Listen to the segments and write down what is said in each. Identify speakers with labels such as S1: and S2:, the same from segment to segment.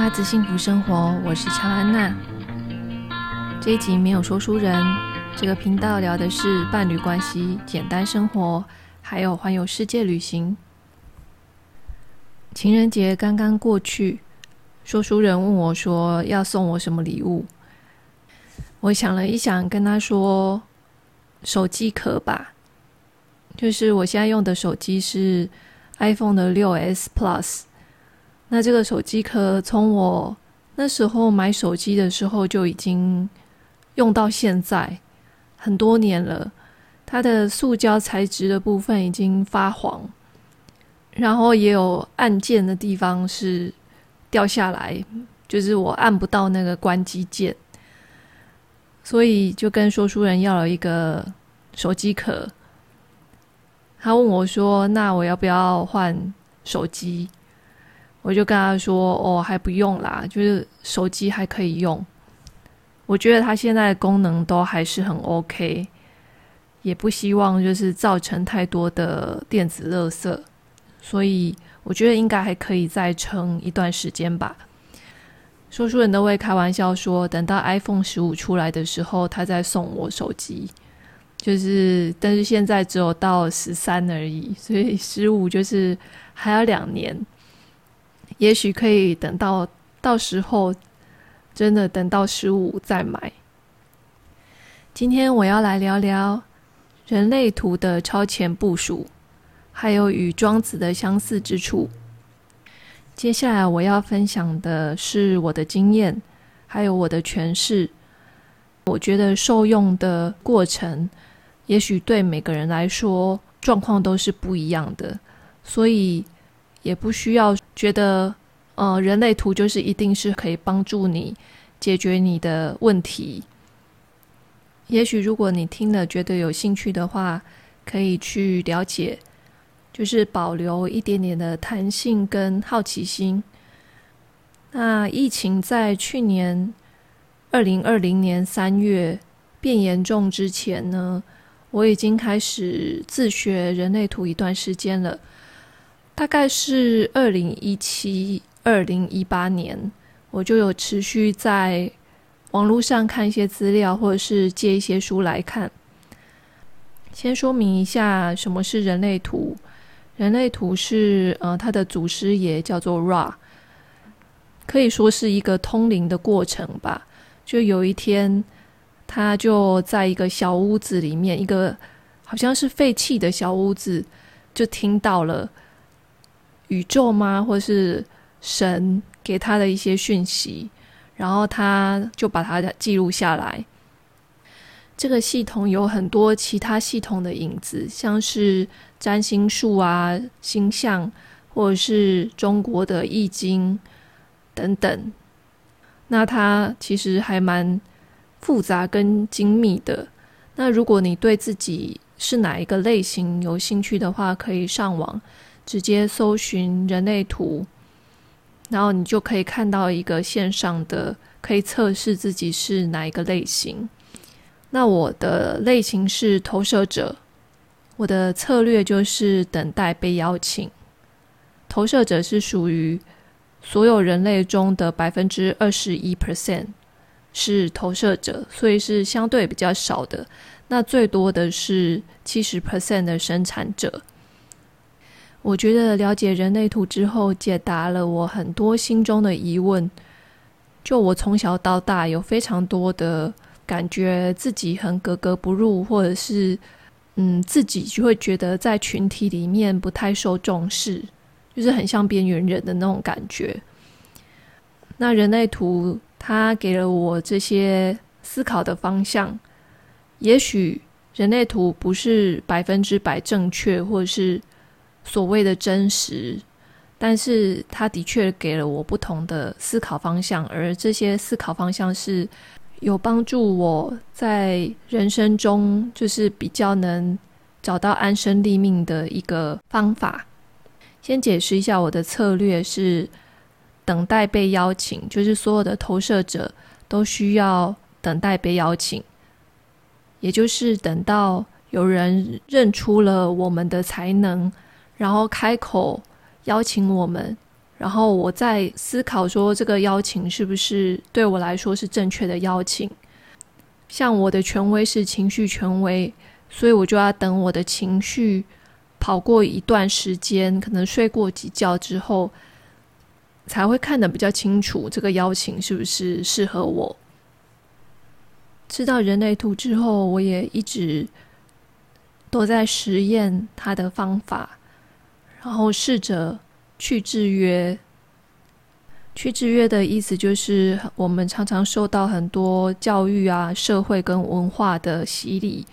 S1: 鴨子幸福生活，我是喬安納。這一集沒有說書人，這個頻道聊的是伴侶關係、簡單生活，還有環遊世界旅行。情人節剛剛過去，說書人問我說要送我什麼禮物，我想了一想，跟他說手機殼吧，就是我現在用的手機是 iPhone 的六 S Plus。那這個手機殼，從我那時候買手機的時候就已經用到現在很多年了。它的塑膠材質的部分已經發黃，然後也有按鍵的地方是掉下來，就是我按不到那個關機鍵。所以就跟說書人要了一個手機殼。他問我說：“那我要不要換手機？”我就跟他說：“哦，還不用啦，就是手機還可以用。我覺得它現在的功能都還是很 OK，也不希望就是造成太多的電子垃圾，所以我覺得應該還可以再撐一段時間吧。”說書人都會開玩笑說：“等到 iPhone 十五出來的時候，他再送我手機。”就是，但是現在只有到十三而已，所以十五就是還要兩年。也許可以等到到時候，真的等到十五再買。今天我要來聊聊人類圖的超前部署，還有與莊子的相似之處。接下來我要分享的是我的經驗，還有我的詮釋。我覺得受用的過程，也許對每個人來說狀況都是不一樣的，所以也不需要。覺得，呃，人類圖就是一定是可以幫助你解決你的問題。也許如果你聽了覺得有興趣的話，可以去了解，就是保留一點點的彈性跟好奇心。那疫情在去年二零二零年三月變嚴重之前呢，我已經開始自學人類圖一段時間了。大概是二零一七、二零一八年，我就有持續在網絡上看一些資料，或者是借一些書來看。先說明一下什麼是人類圖。人類圖是呃，他的祖師爺叫做 Ra，可以說是一個通靈的過程吧。就有一天，他就在一個小屋子裡面，一個好像是廢棄的小屋子，就聽到了。宇宙嗎？或是神給他的一些訊息，然後他就把它記錄下來。這個系統有很多其他系統的影子，像是占星術啊、星象，或者是中國的易經等等。那它其實還蠻複雜跟精密的。那如果你對自己是哪一個類型有興趣的話，可以上網。直接搜尋人類圖，然後你就可以看到一個線上的，可以測試自己是哪一個類型。那我的類型是投射者，我的策略就是等待被邀請。投射者是屬於所有人類中的百分之二十一 percent 是投射者，所以是相對比較少的。那最多的是七十 percent 的生產者。我覺得了解人類圖之後，解答了我很多心中的疑問。就我從小到大，有非常多的感覺自己很格格不入，或者是嗯，自己就會覺得在群體裡面不太受重視，就是很像邊緣人的那種感覺。那人類圖它給了我這些思考的方向。也許人類圖不是百分之百正確，或者是。所謂的真實，但是它的確給了我不同的思考方向，而這些思考方向是有幫助我在人生中，就是比較能找到安身立命的一個方法。先解釋一下，我的策略是等待被邀請，就是所有的投射者都需要等待被邀請，也就是等到有人認出了我們的才能，然後開口邀請我們，然後我在思考說，這個邀請是不是對我來說是正確的邀請？像我的權威是情緒權威，所以我就要等我的情緒跑過一段時間，可能睡過幾覺之後，才會看得比較清楚，這個邀請是不是適合我？知道人類圖之後，我也一直都在實驗它的方法。然後試着去制約。去制約的意思就是，我們常常受到很多教育啊、社會跟文化的洗禮，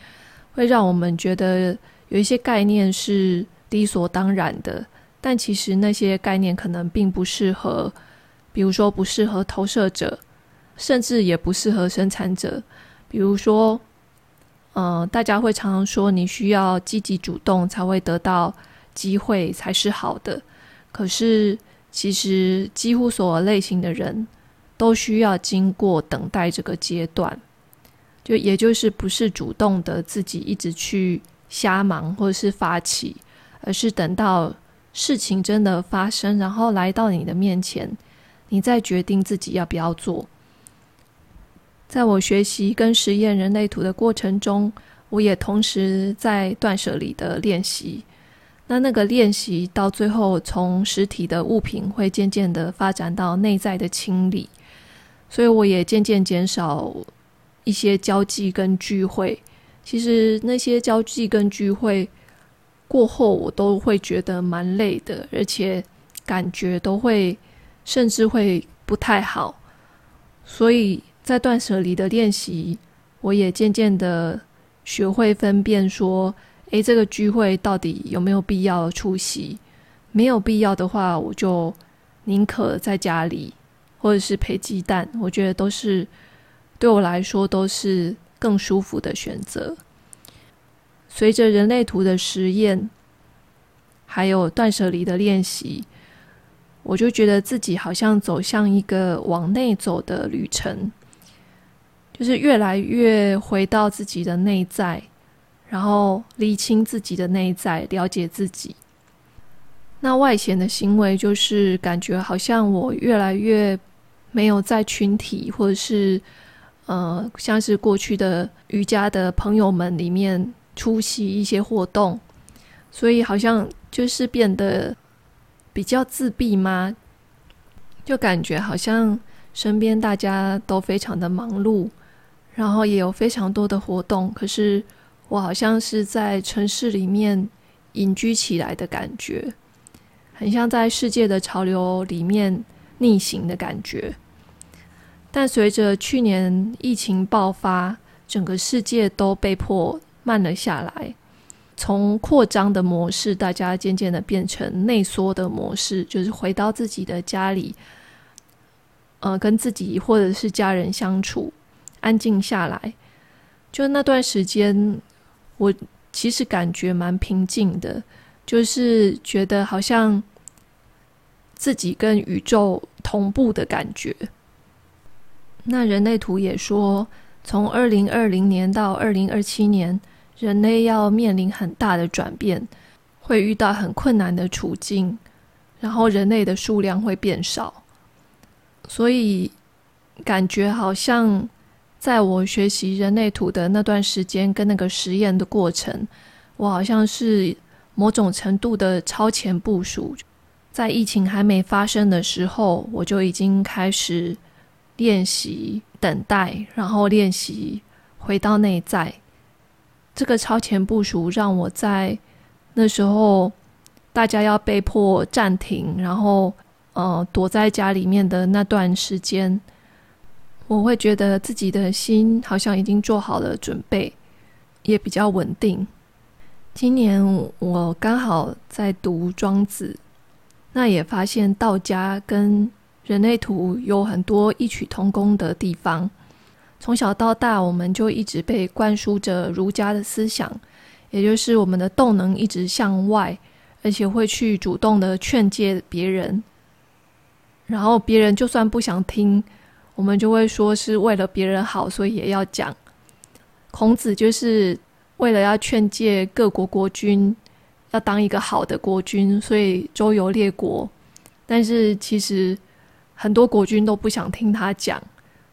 S1: 會讓我們覺得有一些概念是理所當然的。但其實那些概念可能並不適合，比如說不適合投射者，甚至也不適合生產者。比如說，嗯、呃，大家會常常說，你需要積極主動才會得到機會才是好的，可是其實幾乎所有類型的人，都需要經過等待這個階段，就也就是不是主動的自己一直去瞎忙或是發起，而是等到事情真的發生，然後來到你的面前，你再決定自己要不要做。在我學習跟實驗人類圖的過程中，我也同時在斷捨離的練習。那那個練習到最後，從實體的物品會漸漸的發展到內在的清理，所以我也漸漸減少一些交際跟聚會。其實那些交際跟聚會過後，我都會覺得蠻累的，而且感覺都會甚至會不太好。所以在斷捨離的練習，我也漸漸的學會分辨說，哎，這個聚會到底有沒有必要出席？沒有必要的話，我就寧可在家裡，或者是陪雞蛋。我覺得都是對我來說都是更舒服的選擇。隨着人類圖的實驗，還有斷舍離的練習，我就覺得自己好像走向一個往內走的旅程，就是越來越回到自己的內在。然後理清自己的內在，了解自己。那外顯的行為就是感覺好像我越來越沒有在群體，或者是呃，像是過去的瑜伽的朋友們裡面出席一些活動，所以好像就是變得比較自閉嗎？就感覺好像身邊大家都非常的忙碌，然後也有非常多的活動，可是。我好像是在城市裡面隱居起來的感覺，很像在世界的潮流裡面逆行的感覺。但隨着去年疫情爆發，整個世界都被迫慢了下來，從擴張的模式，大家漸漸的變成內縮的模式，就是回到自己的家裡，呃，跟自己或者是家人相處，安靜下來。就那段時間。我其實感覺蠻平靜的，就是覺得好像自己跟宇宙同步的感覺。那人類圖也說，從2020年到2027年，人類要面臨很大的轉變，會遇到很困難的處境，然後人類的數量會變少，所以感覺好像。在我學習人類圖的那段時間，跟那個實驗的過程，我好像是某種程度的超前部署。在疫情還沒發生的時候，我就已經開始練習等待，然後練習回到內在。這個超前部署讓我在那時候大家要被迫暫停，然後呃躲在家裡面的那段時間。我會覺得自己的心好像已經做好了準備，也比較穩定。今年我剛好在讀《莊子》，那也發現道家跟人類圖有很多異曲同工的地方。從小到大，我們就一直被灌輸着儒家的思想，也就是我們的動能一直向外，而且會去主動的勸誡別人，然後別人就算不想聽我們就會說是為了別人好，所以也要講。孔子就是為了要勸誡各國國君要當一個好的國君，所以周遊列國。但是其實很多國君都不想聽他講，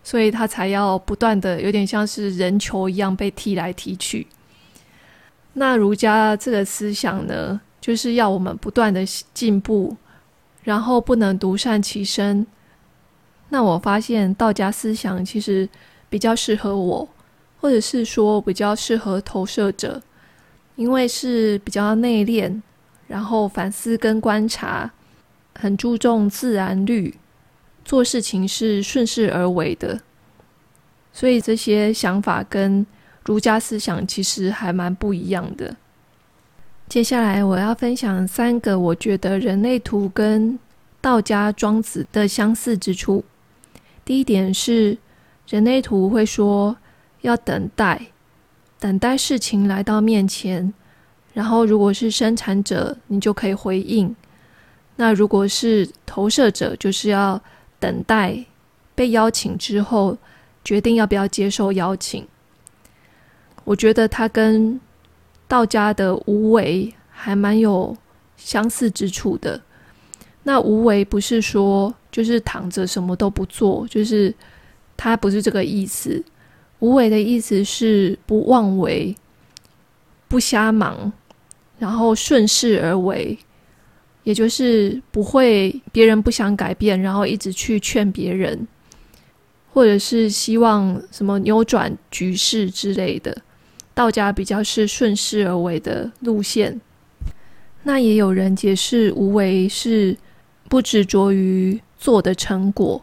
S1: 所以他才要不斷的有點像是人球一樣被踢來踢去。那儒家這個思想呢，就是要我們不斷的進步，然後不能獨善其身。那我發現道家思想其實比較適合我，或者是說比較適合投射者，因為是比較內斂，然後反思跟觀察，很注重自然律，做事情是順勢而為的，所以這些想法跟儒家思想其實還蠻不一樣的。接下來我要分享三個我覺得人類圖跟道家莊子的相似之處。第一點是，人類圖會說要等待，等待事情來到面前，然後如果是生產者，你就可以回應；那如果是投射者，就是要等待被邀請之後，決定要不要接受邀請。我覺得他跟道家的無為還蠻有相似之處的。那無為不是說就是躺着什麼都不做，就是他不是這個意思。無為的意思是不妄為，不瞎忙，然後順勢而為，也就是不會別人不想改變，然後一直去勸別人，或者是希望什麼扭轉局勢之類的。道家比較是順勢而為的路線。那也有人解釋無為是，不執着於做的成果，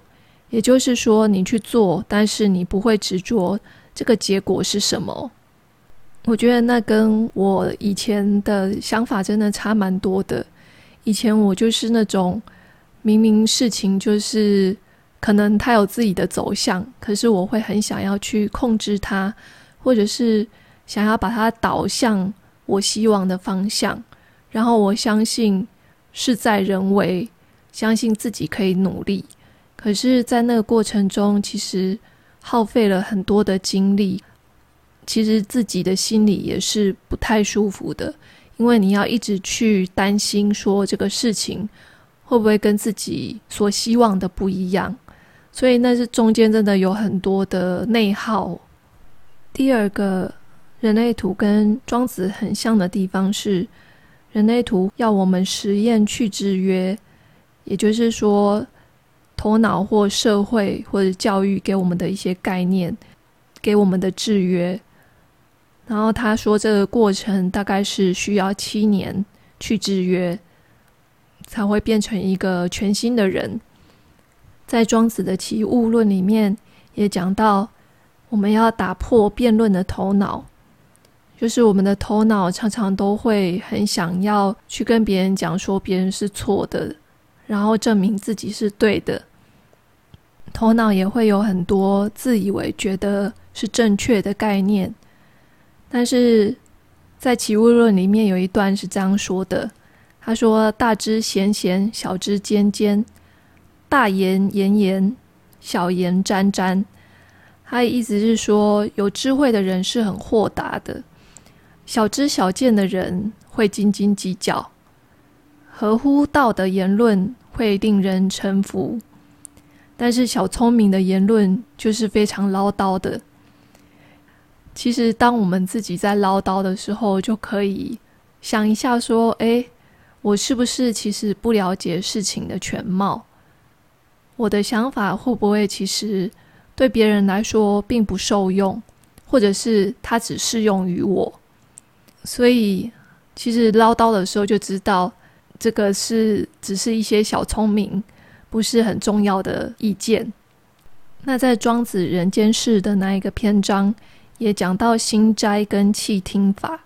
S1: 也就是說，你去做，但是你不會執着這個結果是什麼。我覺得那跟我以前的想法真的差蠻多的。以前我就是那種，明明事情就是可能它有自己的走向，可是我會很想要去控制它，或者是想要把它導向我希望的方向。然後我相信事在人為。相信自己可以努力，可是，在那個過程中，其實耗費了很多的精力，其實自己的心裡也是不太舒服的，因為你要一直去擔心說這個事情會不會跟自己所希望的不一樣，所以那是中間真的有很多的內耗。第二個，人類圖跟莊子很像的地方是，人類圖要我們實驗去制約。也就是說，頭腦或社會或者教育給我們的一些概念，給我們的制約。然後他說，這個過程大概是需要七年去制約，才會變成一個全新的人。在莊子的《齊物論》裡面也講到，我們要打破辯論的頭腦，就是我們的頭腦常常都會很想要去跟別人講說，別人是錯的。然後證明自己是對的，頭腦也會有很多自以為覺得是正確的概念。但是在《齊物論》裡面有一段是這樣說的：“他說，大知閒閒，小知間間；大言炎炎，小言詹詹。」他的意思是說，有智慧的人是很豁達的，小知小見的人會斤斤計較，合乎道德言論。會令人臣服，但是小聰明的言論就是非常嘮叨的。其實，當我們自己在嘮叨的時候，就可以想一下說：“哎，我是不是其實不了解事情的全貌？我的想法會不會其實對別人來說並不受用，或者是它只適用於我？所以，其實嘮叨的時候就知道。”這個是只是一些小聰明，不是很重要的意見。那在《莊子·人間世》的那一個篇章，也講到心齋跟氣聽法。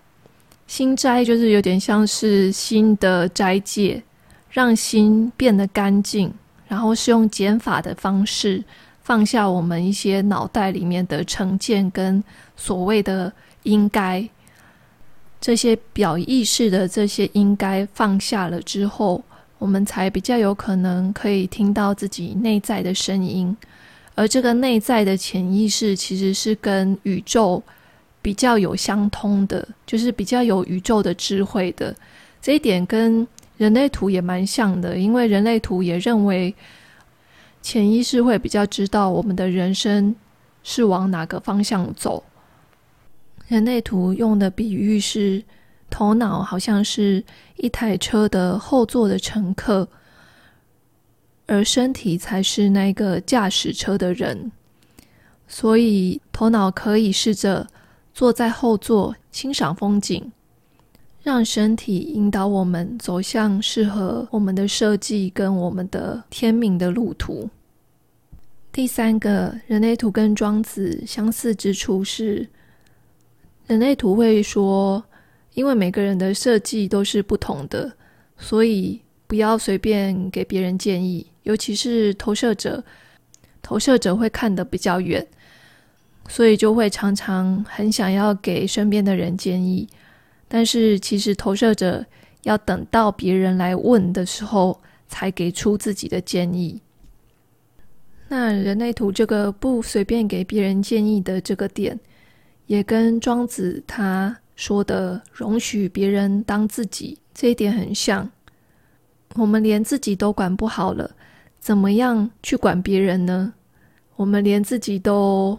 S1: 心齋就是有點像是心的齋戒，讓心變得乾淨，然後是用減法的方式放下我們一些腦袋裡面的成見跟所謂的應該。這些表意識的這些應該放下了之後，我們才比較有可能可以聽到自己內在的聲音，而這個內在的潛意識其實是跟宇宙比較有相通的，就是比較有宇宙的智慧的。這一點跟人類圖也蠻像的，因為人類圖也認為潛意識會比較知道我們的人生是往哪個方向走。人類圖用的比喻是，頭腦好像是一台車的後座的乘客，而身體才是那個駕駛車的人。所以，頭腦可以試着坐在後座，欣賞風景，讓身體引導我們走向適合我們的設計跟我們的天命的路途。第三個人類圖跟莊子相似之處是，人類圖會說，因為每個人的設計都是不同的，所以不要隨便給別人建議。尤其是投射者，投射者會看得比較遠，所以就會常常很想要給身邊的人建議。但是其實投射者要等到別人來問的時候，才給出自己的建議。那人類圖這個不隨便給別人建議的這個點，也跟莊子他說的“容許別人當自己”這一點很像。我們連自己都管不好了，怎麼樣去管別人呢？我們連自己都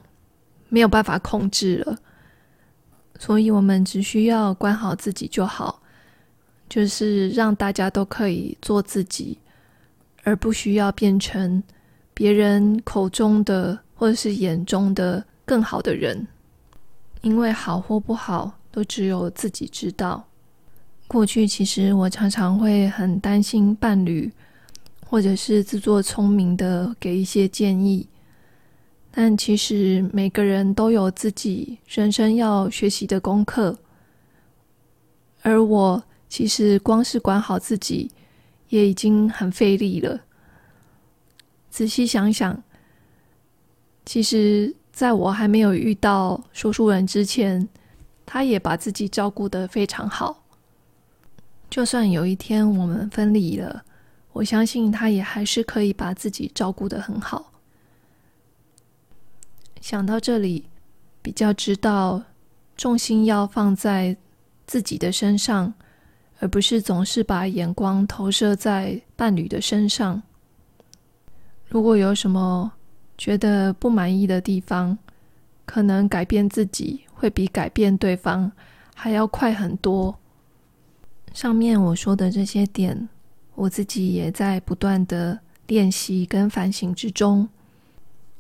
S1: 沒有辦法控制了，所以我們只需要管好自己就好，就是讓大家都可以做自己，而不需要變成別人口中的或者是眼中的更好的人。因為好或不好，都只有自己知道。過去其實我常常會很擔心伴侶，或者是自作聰明地給一些建議。但其實每個人都有自己人生要學習的功課，而我其實光是管好自己，也已經很費力了。仔細想想，其實。在我還沒有遇到說書人之前，他也把自己照顧得非常好。就算有一天我們分離了，我相信他也還是可以把自己照顧得很好。想到這裡，比較知道重心要放在自己的身上，而不是總是把眼光投射在伴侶的身上。如果有什麼，覺得不滿意的地方，可能改變自己會比改變對方還要快很多。上面我說的這些點，我自己也在不斷的練習跟反省之中。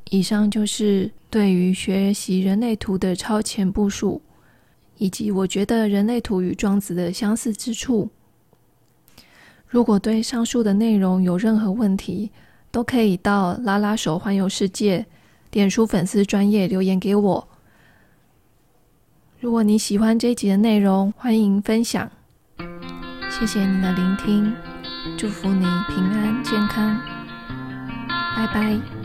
S1: 以上就是對於學習人類圖的超前部署，以及我覺得人類圖與莊子的相似之處。如果對上述的內容有任何問題，都可以到拉拉手環遊世界，點出粉絲專頁留言給我。如果你喜歡這一集的內容，歡迎分享。謝謝你的聆聽，祝福你平安健康，拜拜。